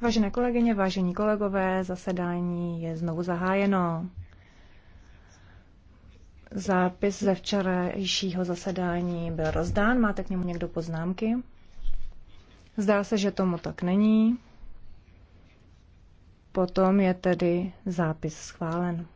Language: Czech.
Vážené kolegyně, vážení kolegové, zasedání je znovu zahájeno. Zápis ze včerejšího zasedání byl rozdán. Máte k němu někdo poznámky? Zdá se, že tomu tak není. Potom je tedy zápis schválen.